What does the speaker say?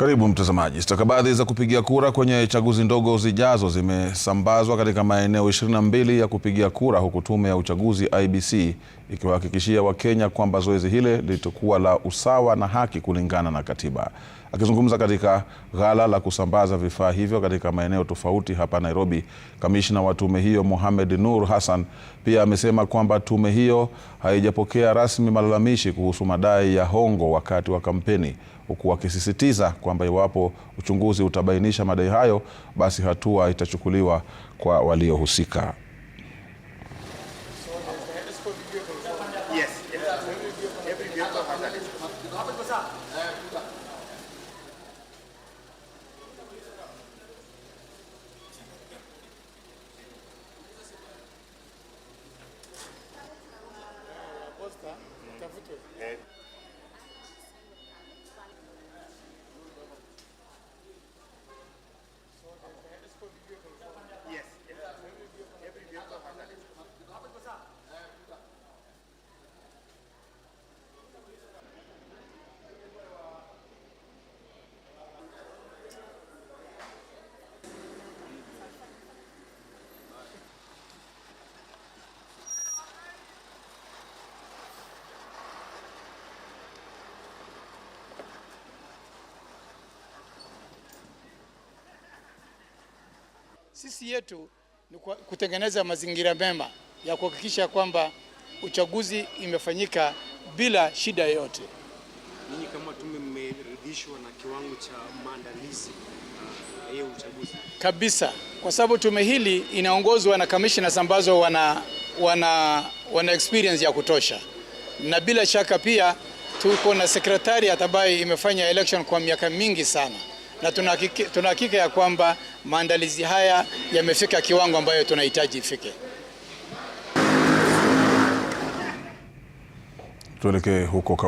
Karibu mtazamaji. Stakabadhi za kupigia kura kwenye chaguzi ndogo zijazo zimesambazwa katika maeneo 22 ya kupigia kura huku Tume ya Uchaguzi IEBC ikiwahakikishia Wakenya kwamba zoezi hile litakuwa la usawa na haki kulingana na katiba. Akizungumza katika ghala la kusambaza vifaa hivyo katika maeneo tofauti hapa Nairobi, kamishna wa tume hiyo Mohamed Nur Hassan pia amesema kwamba tume hiyo haijapokea rasmi malalamishi kuhusu madai ya hongo wakati wa kampeni huku wakisisitiza kwamba iwapo uchunguzi utabainisha madai hayo, basi hatua itachukuliwa kwa waliohusika. Sisi yetu ni kutengeneza mazingira mema ya kuhakikisha kwamba uchaguzi imefanyika bila shida yoyote. Ninyi kama tume mmeridhishwa na kiwango cha maandalizi uh, ya uchaguzi? Kabisa, kwa sababu tume hili inaongozwa na commissioners ambazo wana, wana, wana experience ya kutosha, na bila shaka pia tuko na secretariat ambayo imefanya election kwa miaka mingi sana na tuna hakika ya kwamba maandalizi haya yamefika kiwango ambayo tunahitaji ifike. Tuelekee huko.